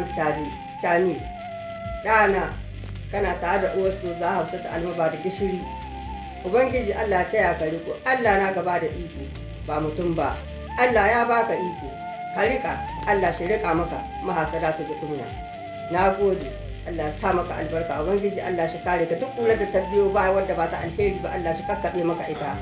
abdul tani kana tare da uwarsu za hausa ta almaba da gishiri ubangiji allah ta ya kari ku allah na gaba da iko ba mutum ba allah ya baka iko harika, rika allah shi rika maka mahasada su ji kunya na gode allah sa maka albarka ubangiji allah shi kare ka duk ƙurar da ta biyo ba wadda ba ta alheri ba allah shi kakkaɓe maka ita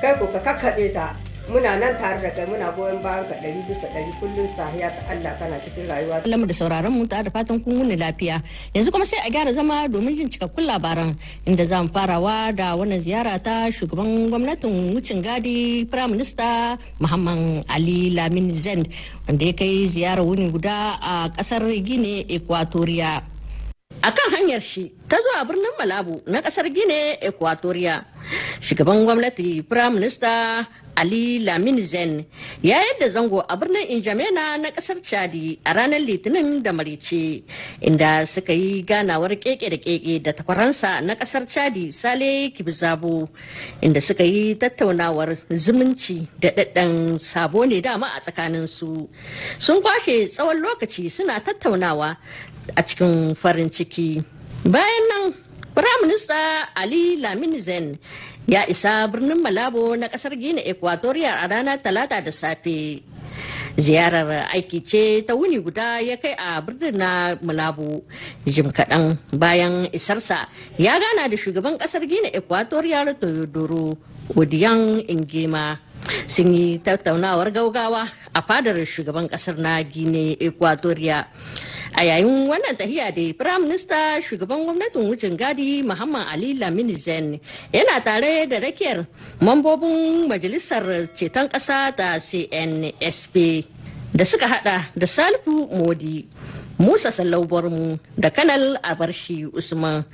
kai ko ka kakkaɓe ta muna nan tare da kai muna goyon bayan ka ɗari bisa ɗari kullum sahiya ta Allah kana cikin rayuwa. Lamu da sauraron mu da fatan kun wuni lafiya. Yanzu kuma sai a gyara zama domin jin cikakkun labaran inda za mu farawa da wannan ziyara ta shugaban gwamnatin wucin gadi Prime Minister Muhammad Ali lamini Zend wanda ya kai ziyarar wuni guda a ƙasar guinea Equatoria. a kan hanyar shi ta zuwa birnin malabu na kasar gine equatoria shugaban gwamnati prime minister ali lamin zen ya yadda zango a birnin injamena na kasar chadi a ranar litinin da marice inda suka yi ganawar keke da keke da takwaransa na kasar chadi sale kibzabo inda suka yi tattaunawar zumunci da daddan sabo ne dama a tsakaninsu sun kwashe tsawon lokaci suna tattaunawa a cikin farin ciki bayan nan firaminista ali lamini zen ya isa birnin malabo na kasar gina equatorial a ranar talata da safe ziyarar aiki ce ta wuni guda ya kai a birnin na malabo jim kaɗan bayan isarsa ya gana da shugaban ƙasar gina equatorial toyodoro odiyan ingema sun yi tattaunawar gaugawa a fadar shugaban ƙasar na gine ecuadoria A yayin wannan tahiya da prime minister shugaban gwamnatin wucin gadi Muhammad Ali Lamini Zen yana tare da rakiyar mambobin majalisar ceton kasa ta CNSP da suka hada da Salifu Modi Musa mu da Kanal a Abarshi Usman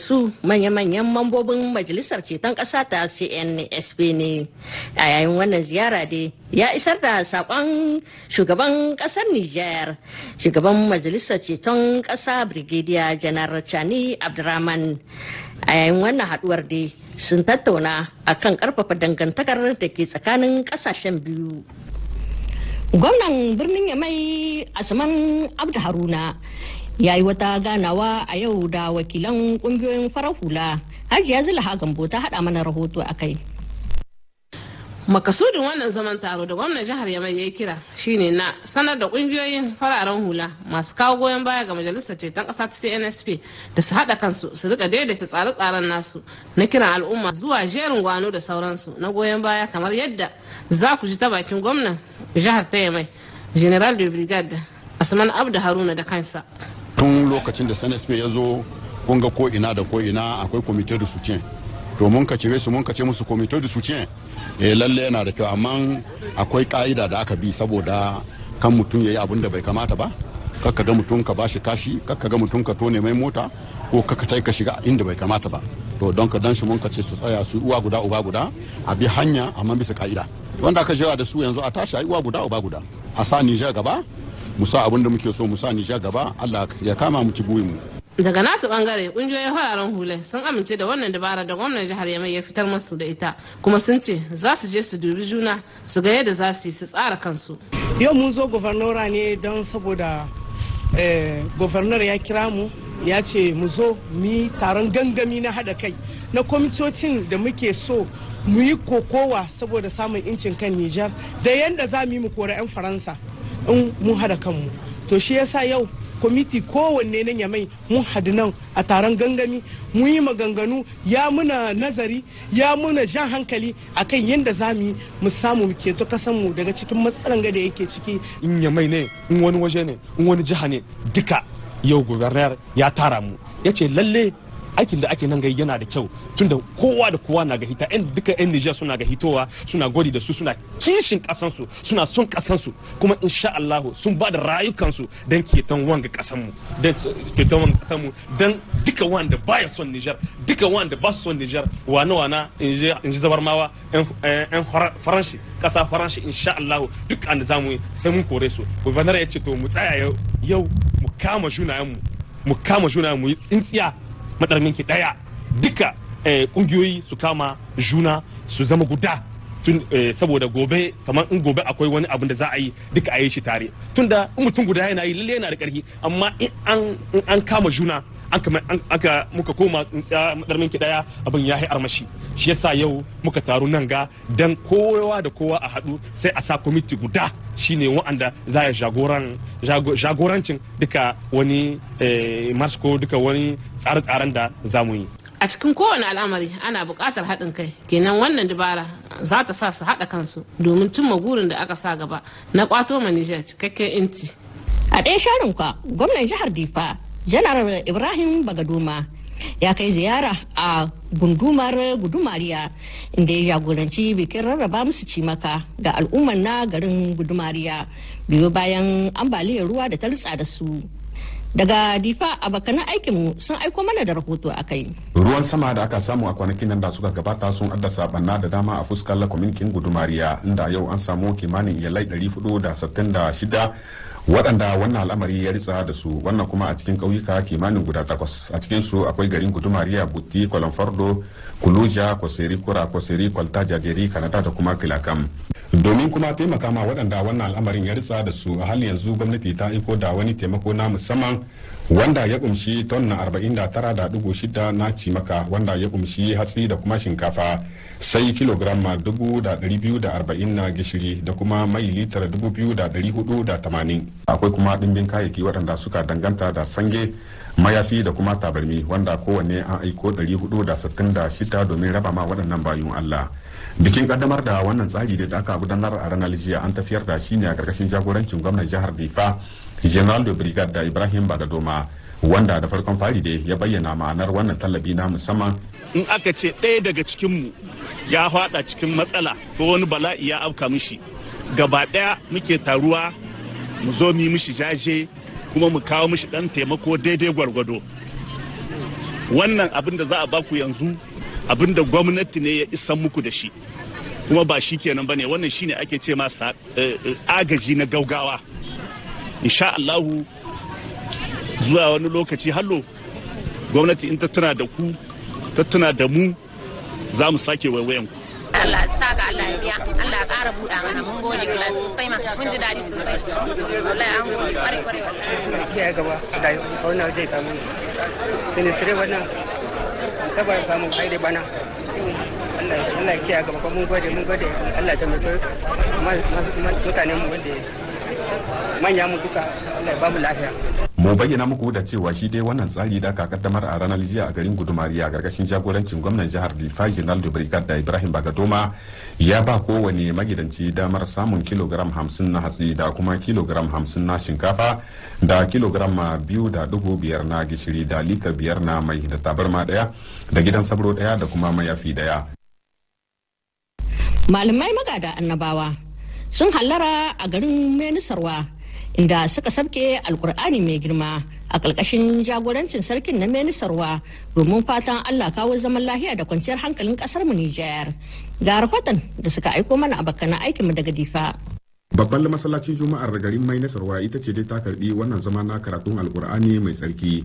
su manya-manyan mambobin Majalisar Ceton Ƙasa ta CNSP ne. A yayin wannan ziyara dai ya isar da saƙon shugaban ƙasar Nijar, shugaban Majalisar Ceton Ƙasa Brigadier Janar Chani Abdurrahman. A yayin wannan haɗuwar dai sun tattauna akan ƙarfafa dangantakar da ke tsakanin ƙasashen biyu. Gwamnan birnin mai Asman Abdu Haruna ya yi wata ganawa a yau da wakilan kungiyoyin farar hula Hajiya Zulaha Gambo ta haɗa mana rahoto a kai. makasudin wannan zaman taro da gwamnan jihar yamai ya kira shine na sanar da kungiyoyin fararen hula masu kawo goyon baya ga majalisar ceton kasa ta cnsp da su haɗa kansu su rika daidaita tsare-tsaren nasu na kiran al'umma zuwa jerin gwano da sauransu na goyon baya kamar yadda za ku ji ta bakin gwamnan jihar ta yamai general de brigade asman abdu haruna da kansa tun lokacin da cnsp ya zo kunga ko ina da ko ina akwai kwamitin risucin to mun ka su mun kace musu komito da suciye eh lalle yana da kyau amma akwai ka'ida da aka bi saboda kan mutum ya yi abin da bai kamata ba kakka ga mutum ka bashi kashi kakka ga mutum ka tone mai mota ko kakka tai ka shiga inda bai kamata ba to don ka dan shi mun kace su tsaya su uwa guda uba guda a bi hanya amma bisa ka'ida wanda aka jira da su yanzu a tashi ai uwa guda uba guda a sa Niger gaba Musa da muke so mu sa gaba Allah ya kama mu ci buyin mu daga nasu bangare kungiyoyin fararen hula sun amince da wannan dabara da gwamnan jihar yamai ya fitar masu da ita kuma sun ce za su je su dubi juna su ga yadda za su yi su tsara kansu yau mun zo gwamnora ne don saboda eh, gwamnora ya kira mu ya ce mu zo mu yi taron gangami na hada kai na kwamitocin da muke so mu yi kokowa saboda samun incin kan nijar da yadda za mu yi mu kora 'yan faransa in mu hada kanmu to shi yasa yau kwamiti kowanne na yamai mun hadu nan a taron gangami mun yi maganganu ya muna nazari ya muna jan hankali akan yadda za mu yi mu samu mu keto kasanmu daga cikin matsalan da yake ciki in ya ne in wani waje ne in wani jiha ne duka yau gubernar ya tara mu ya ce lalle aikin da ake nan gai yana da kyau tunda kowa da kowa na ga hita yan duka yan Nijar suna ga hitowa suna gori da su suna kishin su suna son su kuma insha allahu sun ba da rayukansu don keton wanga mu don keton wanga mu. dan duka wanda baya son Nijar duka wanda ba son Nijar wana wana in ji zabar mawa yan faranshi kasa faranshi insha allahu duk an zamu sai mun kore su gwanar ya ce to mu tsaya yau mu kama junayen mu mu kama junayen mu yi tsintsiya ki daya duka eh, kungiyoyi su kama juna su zama guda tun eh, saboda gobe kamar in gobe akwai wani abin da za a yi duka a yi shi tare tunda in mutum guda yana yi lalle yana da karfi amma in an kama juna aka muka koma tsintsiya madarmin ki daya abin ya armashi shi yasa yau muka taru nan ga dan kowa da kowa a haɗu sai a sa kwamiti guda shine wa'anda za ya jagorancin duka wani eh, march ko duka wani tsare-tsaren da za mu yi a cikin kowane al'amari ana bukatar haɗin kai kenan wannan dabara za ta sa su haɗa kansu domin cimma gurin da aka sa gaba na kwato ma nijar cikakken inci a ɗaya sharin kwa gwamnan jihar difa janar ibrahim bagaduma ya kai ziyara a gundumar gudumariya inda ya jagoranci bikin rarraba musu cimaka ga al'ummar na garin gudumariya biyu bayan ambaliyar ruwa da ta rutsa da su daga difa abokanan aikinmu sun aiko mana da rahoto a kai ruwan sama da aka samu a kwanakin nan da suka gabata sun adda sabanna da dama a fuskar lakwamikin gudumariya inda yau an samu kimanin iyalai 466 waɗanda wannan al'amari ya ritsa da su wannan kuma a cikin ƙauyuka kimanin guda takwas a cikin su akwai garin gudumariya buti kwalamfardo kuluja kwaseri kura kwaseri kwalta jajeri kanada da kuma kilakam domin kuma taimaka ma waɗanda wannan al'amarin ya ritsa da su a halin yanzu gwamnati ta aiko da wani taimako na musamman wanda ya kumshi tonna 49.6 na cimaka wanda ya kumshi hatsi da kuma shinkafa sai da arba'in na gishiri da kuma mai litar 2,480 akwai kuma dimbin kayayyaki waɗanda suka danganta da sange mayafi da kuma tabarmi wanda kowanne an aiko 466 domin raba ma waɗannan bayun allah bikin kaddamar da wannan tsari da aka gudanar a ranar jiya an tafiyar da shi ne a karkashin jagorancin gwamnan jihar difa general da brigade da ibrahim bagadoma wanda da farkon fari da ya bayyana ma'anar wannan tallabi na musamman in aka ce ɗaya daga cikinmu ya fada cikin matsala ko wani bala'i ya afka mishi gaba ɗaya muke taruwa mu zo mu mishi jaje kuma mu kawo mishi ɗan taimako daidai gwargwado wannan abin da za a baku yanzu abinda gwamnati ne ya isan muku da shi kuma ba shi kenan ba ne wannan ne ake ce masa eh, agaji na gaugawa insha Allahu zuwa wani lokaci hallo gwamnati in tattuna da ku tattuna da mu za mu sake waiwayan ku Allah sa ga Allah ya biya Allah ya ƙara buɗa mana mun gode kula sosai ma mun ji daɗi sosai wallahi an gode ƙwarai ƙwarai Allah ya gaba da wannan zai samu ne sinistire wannan taba ya samu aire bana Allah ya kiyaye gaba mun gode mun gode Allah ta mutu mutanen mu wanda manya mu duka Allah ya ba mu lafiya mu bayyana muku da cewa shi dai wannan tsari da aka kaddamar a ranar jiya a garin gudumariya gargashin jagorancin gwamnan jihar difa da brigad da ibrahim bagadoma ya ba kowane magidanci damar samun kilogram hamsin na hatsi da kuma kilogram hamsin na shinkafa da kilogram biyu da dubu biyar na gishiri da litar biyar na mai da tabarma daya da gidan sabro daya da kuma mayafi daya malamai magada annabawa sun hallara a garin menisarwa inda suka sabke alkur'ani mai girma a ƙarƙashin jagorancin sarkin na menisarwa domin fatan allah kawo zaman lahiya da kwanciyar hankalin ƙasar mu nijar ga rahoton da suka aiko mana a bakkanin aikinmu daga difa babban masallacin juma'ar da garin mai nasarwa ita ce dai ta karbi wannan zama na karatun alkur'ani mai tsarki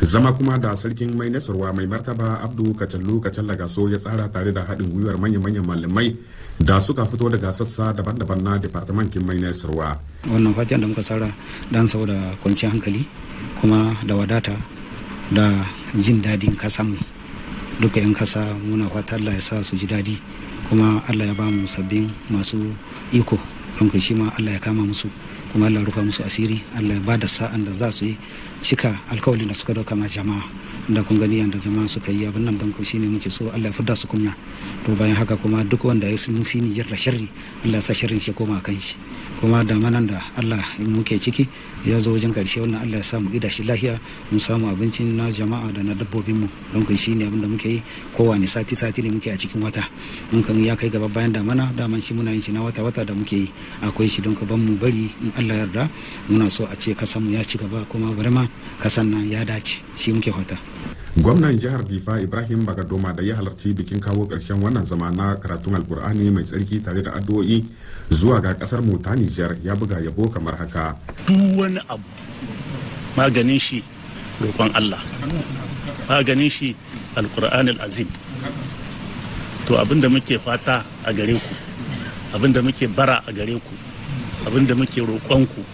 zama kuma da sarkin mai nasarwa mai martaba abdu kacallu kacalla gaso ya tsara tare da haɗin gwiwar manya-manyan malamai da suka fito daga sassa daban-daban na departamentin mai nasarwa wannan fatiyan da muka tsara dan saboda kwanciyar hankali kuma da wadata da jin daɗin kasanmu duka 'yan kasa muna fatan allah ya sa su ji daɗi kuma allah ya ba mu sabbin masu iko don shi ma Allah ya kama musu kuma Allah ya rufa musu asiri Allah ya ba da sa'an da za su yi cika alkawalin da suka dauka ma jama'a da kun gani yadda zama suka yi abin nan banko shine muke so Allah ya fidda su kunya to bayan haka kuma duk wanda ya sun fi Nijar da shirri Allah ya sa sharrin shi koma kan shi kuma da manan da Allah muke ciki ya zo wajen karshe wannan Allah ya sa mu gida shi lafiya mu samu abincin na jama'a da na dabbobin mu don kun shine abin da muke yi kowane sati sati ne muke a cikin wata in kan ya kai gaba bayan damana daman shi muna yin shi na wata wata da muke yi akwai shi don ka ban mu bari in Allah yarda muna so a ce kasan mu ya ci gaba kuma bari ma kasan nan ya dace shi muke fata gwamnan jihar difa ibrahim bagadoma da ya halarci bikin kawo karshen wannan zama na karatun alkur'ani mai tsarki tare da addu'o'i zuwa ga kasar mota ya buga yabo kamar haka duk wani abu maganin shi roƙon allah maganin shi alkur'ani azim to abinda muke fata a gare ku abinda muke bara a gare ku abinda muke roƙon ku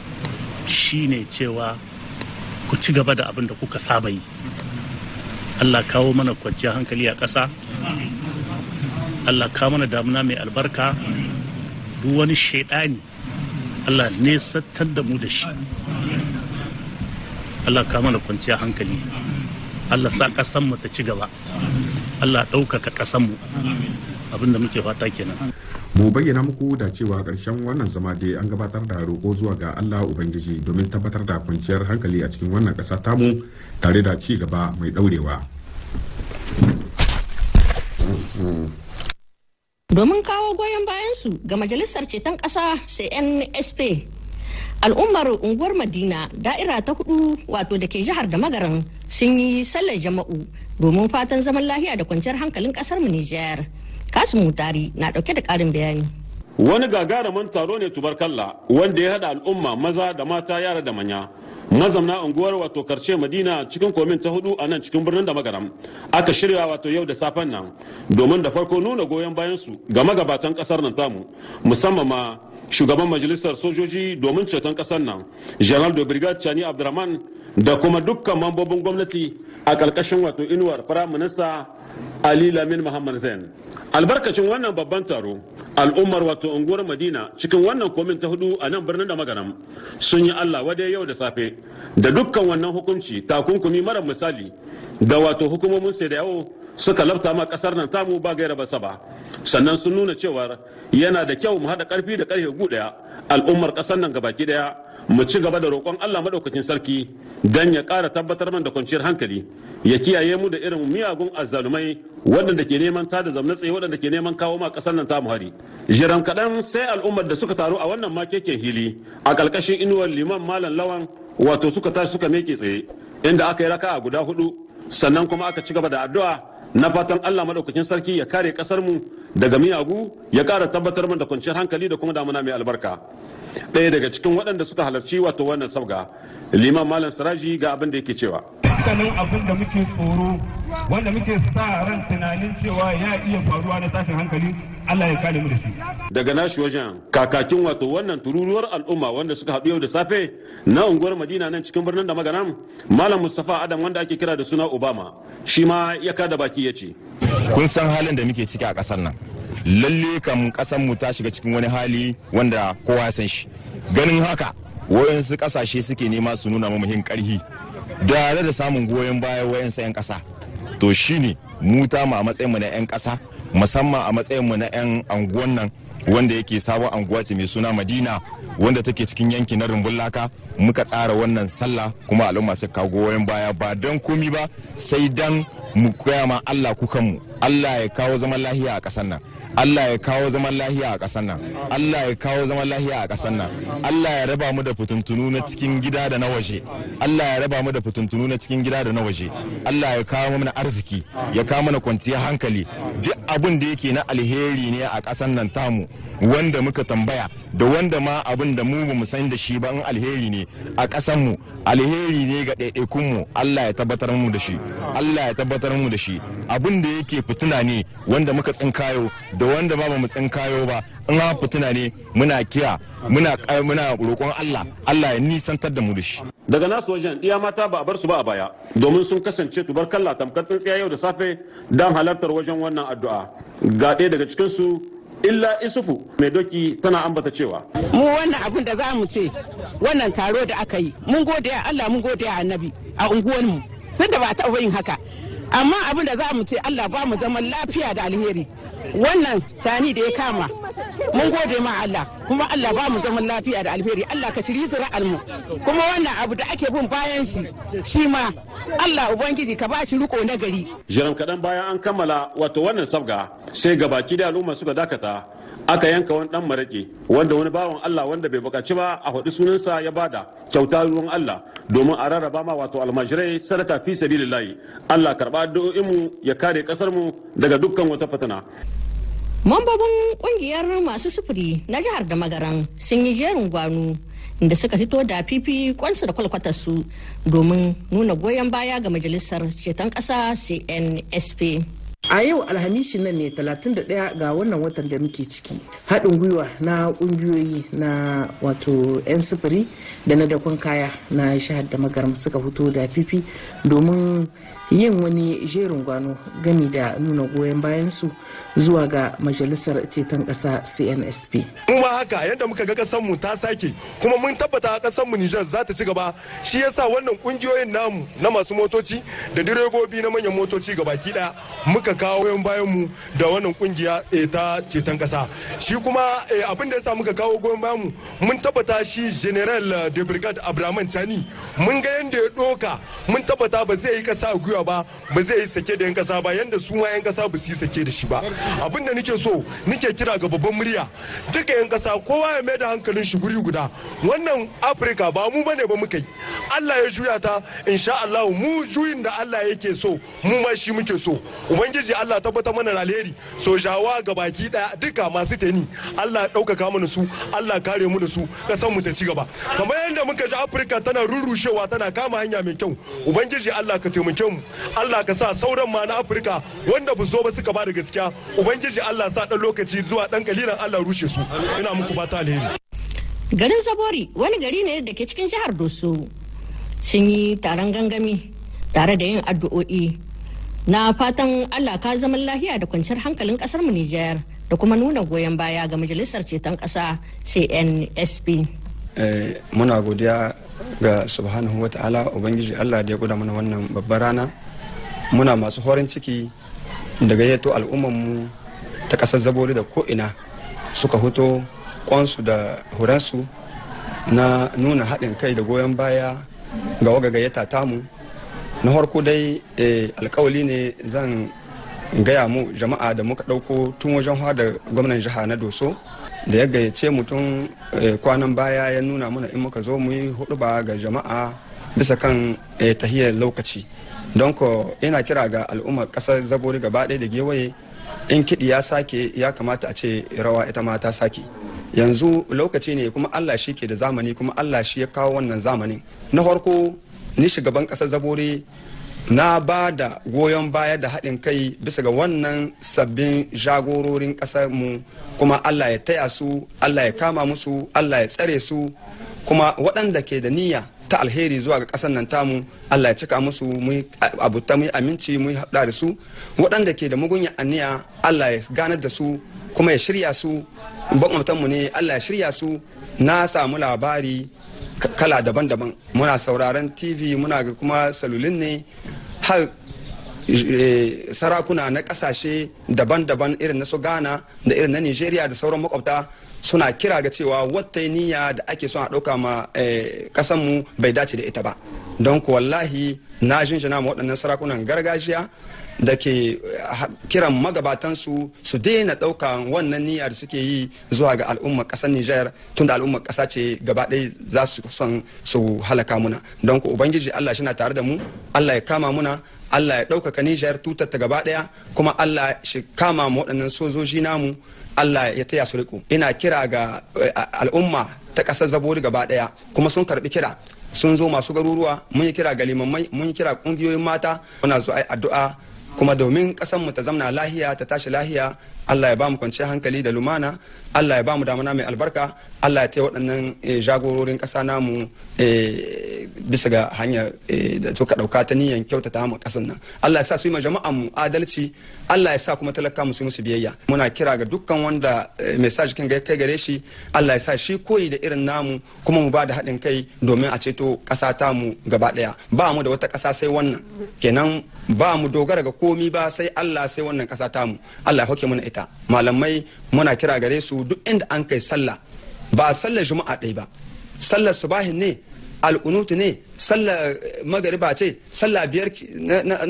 shine cewa ku ci gaba da abinda kuka saba yi Allah kawo mana kwanciya hankali a ƙasa Allah kawo mana damuna mai albarka duk wani shaidani Allah ne sattar da mu da shi Allah kawo mana kwanciyar hankali Allah sa ƙasanmu ta ci gaba Allah ɗaukaka ƙasanmu abinda muke fata kenan mu bayyana muku da cewa karshen wannan zama dai an gabatar da roƙo zuwa ga allah ubangiji domin tabbatar da kwanciyar hankali a cikin wannan ƙasa tamu tare da ci gaba mai ɗaurewa domin kawo goyon bayansu ga majalisar ceton ƙasa cnsp al'ummar unguwar madina da'ira ta hudu wato da ke jihar da magaran sun yi sallar jama'u domin fatan zaman lahiya da kwanciyar hankalin kasar mu nijar kasim mutari na dauke da karin bayani wani gagaraman taro ne tubarkalla wanda ya hada al'umma maza da mata yara da manya mazamna unguwar wato karshe madina cikin komin ta hudu a nan cikin birnin da magaram aka shirya wato yau da safen nan domin da farko nuna goyon bayan su ga magabatan kasar nan tamu musamman ma shugaban majalisar sojoji domin ceton kasar nan general da brigade chani abdurrahman da kuma dukkan mambobin gwamnati a karkashin wato inuwar minister ali lamin muhammad zain albarkacin wannan babban taro al'ummar wato unguwar madina cikin wannan komin ta hudu a nan birnin da magaram sun yi allah wadai yau da safe da dukkan wannan hukunci takunkumi mara misali da wato hukumomin sai da yawo suka labta ma kasar nan tamu ba gaira ba saba sannan sun nuna cewar yana da kyau mu haɗa ƙarfi da ƙarfe gu al'ummar ƙasar nan gabaki ɗaya mu ci gaba da roƙon Allah maɗaukakin sarki don ya ƙara tabbatar man da kwanciyar hankali ya kiyaye mu da irin miyagun azzalumai waɗanda ke neman tada zamna tsaye waɗanda ke neman kawo ma ƙasar nan tamu hari jiran kaɗan sai al'ummar da suka taru a wannan makeken hili a ƙarƙashin inuwar liman malam lawan wato suka tashi suka meke tsaye inda aka yi raka a guda hudu sannan kuma aka ci gaba da addu'a na fatan Allah maɗaukakin sarki ya kare ƙasar mu daga miyagu ya kara tabbatar min da kwanciyar hankali da kuma damuna mai albarka ɗaya daga cikin waɗanda suka halarci wato wannan sabga liman malam siraji ga abin da yake cewa dukkanin abin da muke tsoro wanda muke sa ran tunanin cewa ya iya faruwa na tashin hankali Allah ya kare mu da shi daga nashi wajen kakakin wato wannan tururuwar al'umma wanda suka haɗu yau da safe na unguwar Madina nan cikin birnin da maganan Malam Mustafa Adam wanda ake kira da suna Obama shi ma ya da baki ya ce kun san halin da muke ciki a ƙasar nan lalle kam ƙasar mu ta shiga cikin wani hali wanda kowa ya san shi ganin haka su kasashe suke nema su nuna mu muhim ƙarhi da da samun goyon baya wayansu 'yan kasa. to shine mu ta mu a matsayinmu na 'yan ƙasa musamman a matsayinmu na 'yan anguwan nan wanda yake sabon anguwa ce mai suna madina wanda take cikin yanki na rumbun laka muka tsara wannan sallah kuma al'umma su kawo goyon baya ba don komi ba sai dan mu koya ma Allah kukanmu Allah ya kawo zaman lahiya a ƙasar nan Allah ya kawo zaman lahiya a ƙasar nan Allah ya kawo zaman lahiya a ƙasar nan Allah ya raba mu da fituntunu na cikin gida da na waje Allah ya raba mu da fituntunu na cikin gida da na waje Allah ya kawo mana arziki ya kawo mana kwanciyar hankali duk abin da yake na alheri ne a ƙasar nan tamu wanda muka tambaya da wanda ma abin da mu bamu san da shi ba in alheri ne a ƙasar mu alheri ne ga mu Allah ya tabbatar mu da shi Allah ya tabbatar gabatar mu da shi abin da yake fituna ne wanda muka tsinkayo da wanda ba mu tsinkayo ba in ha fituna ne muna kiya muna muna roƙon Allah Allah ya nisantar da mu da shi daga nasu wajen iya mata ba a bar su ba a baya domin sun kasance tubarkalla tamkar tsintsiya yau da safe don halartar wajen wannan addu'a ga ɗaya daga cikin su illa isufu mai doki tana ambata cewa mu wannan abin da za mu ce wannan taro da aka yi mun gode Allah mun gode annabi a unguwanmu tunda ba a taɓa yin haka amma abin da za mu ce Allah ba mu zaman lafiya da alheri wannan tani da ya kama mun gode ma Allah kuma Allah ba mu zaman lafiya da alheri Allah ka shiri su mu kuma wannan abu da ake bin bayan shi shi ma Allah ubangiji ka ba shi riko na gari jiran kadan bayan an kammala wato wannan sabga sai gabaki da al'umma suka dakata aka yanka wani dan maraƙi wanda wani bawan Allah wanda bai bukaci ba a hudu sunansa ya bada kyauta ruwan Allah domin a rarraba ma wato almajirai sadaka fi sabilillahi Allah karba addu'o'in ya kare kasar mu daga dukkan wata fatana Mambobin kungiyar masu sufuri na jihar da magaran sun yi jerin gwanu da suka fito da fifi kwansu da kwalkwatarsu domin nuna goyon baya ga majalisar ceton ƙasa CNSP. A yau alhamishin nan ne 31 ga wannan watan da muke ciki. Haɗin gwiwa na ƙungiyoyi na wato 'yan sufuri da na dakon kaya na shahar da magaram suka fito da fifi domin yin wani jerin gwano gami da nuna goyon bayansu zuwa ga majalisar ceton ƙasa cnsp kuma haka yadda muka ga ƙasarmu ta sake kuma mun tabbata a mu nijar za ta ci gaba shi yasa wannan kungiyoyin namu na masu motoci da direbobi na manyan motoci baki ɗaya muka kawo goyon bayanmu da wannan ƙungiya eh, ta ceton ƙasa shi kuma eh, abin da yasa muka kawo goyon bayanmu mun tabbata shi general eh, de brigade abraman chani mun ga yadda ya ɗoka mun tabbata ba zai yi ƙasa a gwiwa ba ba zai yi sake da 'yan kasa ba yanda su ma 'yan kasa ba su yi sake da shi ba abin da nake so nake kira ga babban murya duka 'yan kasa kowa ya mai da hankalin shi guri guda wannan afirka ba mu bane ba muka yi allah ya juya ta insha allah mu juyin da allah yake so mu ma shi muke so ubangiji allah tabbatar mana alheri so jawa ga baki daya duka masu teni allah ɗaukaka mana su allah kare mu da su kasan mu ta ci gaba kamar yadda muka ji afirka tana rurrushewa tana kama hanya mai kyau ubangiji allah ka taimake mu Allah ka sa sauran ma na Afirka wanda ba zo ba suka ba da gaskiya ubangiji Allah sa dan lokaci zuwa dan kaliran Allah rushe su ina muku fata alheri garin Zabori wani gari ne da ke cikin jihar Doso sun yi taron gangami tare da yin addu'o'i na fatan Allah ka zaman lahiya da kwanciyar hankalin kasar mu Nijar da kuma nuna goyon baya ga majalisar ceton ƙasa CNSP. Eh, muna godiya ga subhanahu wa ta'ala ubangiji allah da ya guda mana wannan babbar rana muna masu horin ciki da gayyato al'ummanmu ta ƙasar zabori da ko'ina suka hoto kwansu da huransu na nuna haɗin kai da goyon baya ga waga gayyata tamu na harko dai eh, alkawali ne zan gaya mu jama'a da muka ɗauko tun wajen da gwamnan jiha na doso da ya gayyace mutum eh, kwanan baya ya nuna mana in muka zo mu yi ba ga jama'a bisa kan eh, tahiyar lokaci don ko yana kira ga al'ummar kasar zabori gaba ɗaya da gewaye in kiɗi ya sake ya kamata a ce rawa ita ma ta sake yanzu lokaci ne kuma allah shi ke da zamani kuma allah shi ya kawo wannan zamanin na farko ni shugaban kasar zabori na ba da goyon baya da haɗin kai bisa ga wannan sabbin jagororin mu kuma allah ya taya su allah ya kama musu allah ya tsare su kuma waɗanda ke da niyya ta alheri zuwa ga ƙasar nan tamu allah ya cika musu mu abuta mu aminci mu haɗa da su waɗanda ke da mugunya aniya allah ya ganar da su kuma ya shirya su mu ne allah ya shirya su na samu labari kala daban-daban muna sauraron tv muna ga kuma salulin ne har eh, sarakuna na kasashe daban-daban irin na su ghana da irin na nigeria da sauran makwabta suna kira ga cewa wata niyya da ake son a ɗauka ma eh, mu bai dace da ita ba don ku wallahi na jinjina ma waɗannan sarakunan gargajiya da ke eh, kiran magabatansu su daina ɗauka wannan niyya da suke yi zuwa ga al'ummar ƙasar Nijar tun da al'ummar ƙasa ce gaba ɗaya za su son su halaka muna don ku ubangiji Allah shi na tare da mu Allah ya kama muna Allah ya ɗaukaka Nijar tutar ta gaba ɗaya kuma Allah shi kama mu waɗannan sojoji namu Allah ya taya su riku ina kira ga eh, al'umma ta ƙasar zabori gaba ɗaya kuma sun karɓi kira sun zo masu garuruwa mun yi kira ga limammai mun yi kira ƙungiyoyin mata muna zo ai addu'a kuma domin ƙasarmu ta zamna lahiya ta tashi lahiya Allah ya ba mu kwanciyar hankali da lumana allah ya ba mu damana mai albarka allah ya ta'i waɗannan eh, jagororin ƙasa namu eh, bisa ga hanya eh, da suka ɗauka ta niyan kyautata mu ƙasar nan allah ya sa su yi ma jama'an mu adalci allah ya sa kuma talaka mu musu biyayya muna kira ga dukkan wanda message kin ga kai gare shi allah ya sa shi koyi da irin namu kuma mu ba da haɗin kai domin a ceto ƙasa ta mu gaba ɗaya ba mu da wata ƙasa sai wannan kenan ba mu dogara ga komi ba sai allah sai wannan ƙasa ta mu allah ya hauke mana ita malamai muna kira gare su duk inda an kai sallah ba sallar juma'a ɗai ba sallar subahin ne al'unutu ne sallar eh, magariba ce sallar biyar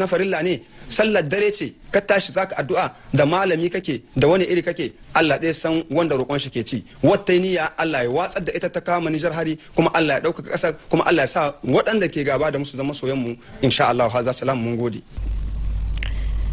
na farilla ne sallar dare ce ka tashi zaka addu'a da malami kake da wani iri kake Allah ɗaya san wanda roƙon shi ke ci wata niyya Allah ya watsa da ita ta kama Nijar hari kuma Allah ya ɗaukaka ƙasa kuma Allah ya sa waɗanda ke gaba da musu zama soyan mu insha Allah ha za mun gode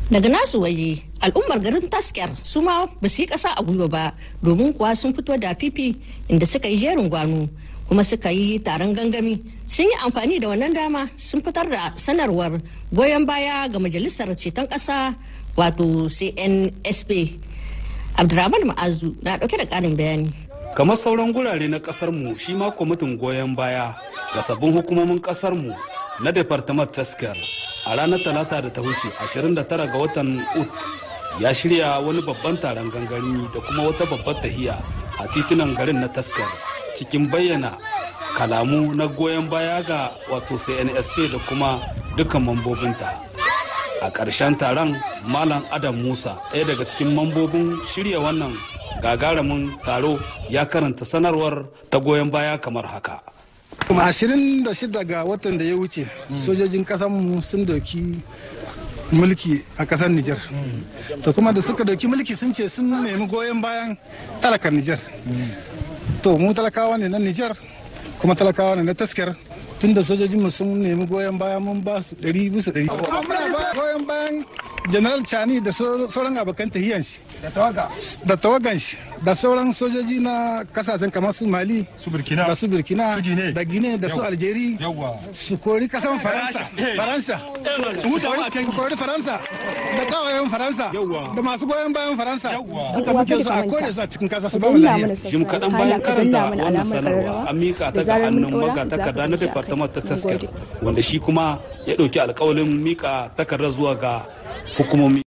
daga nasu waje al'ummar garin tasker su ma ba su yi ƙasa a gwiwa ba domin kuwa sun fito da fifi inda suka yi jerin gwano kuma suka yi taron gangami sun yi amfani da wannan dama sun fitar da sanarwar goyon baya ga majalisar ceton kasa wato cnsp abdurrahman ma'azu na dauke da ƙarin bayani kamar sauran gurare na kasar mu shi ma kwamitin goyon baya ga sabbin hukumomin mu na departament tasker a ranar talata da ta wuce 29 ga watan ut ya shirya wani babban taron gangami da kuma wata babbar tahiya a titunan garin na tasker cikin bayyana kalamu na goyon baya ga wato cnsp da kuma dukkan mambobinta a ƙarshen taron malam adam musa ɗaya daga cikin mambobin shirya wannan gagarumin taro ya karanta sanarwar ta goyon baya kamar haka. ashirin da shi ga watan da ya wuce sojojin mu sun doki mulki a kasar Nijar. To kuma da suka doki mulki sun ce sun nemi goyon bayan talakar Nijar. To mu talakawa ne na Nijar kuma talakawa ne na taskar tun da sojojin mu sun nemi goyon bayan mun ba su 100 bisa 100. Kuma muna goyon bayan General Chani da sauran abokan tahiyan shi. da tawaga da tawagan shi da sauran sojoji na kasashen kamar su mali su burkina da su burkina da gine da su algeri su kori kasan faransa faransa su kori faransa da kawayen faransa da masu goyon bayan faransa duka muke su a kore su a cikin kasa su ba mu lafiya jim kaɗan bayan karanta wannan sanarwa an mika ta ga hannun maga takarda na departament ta tasker wanda shi kuma ya dauki alkawalin mika takardar zuwa ga hukumomi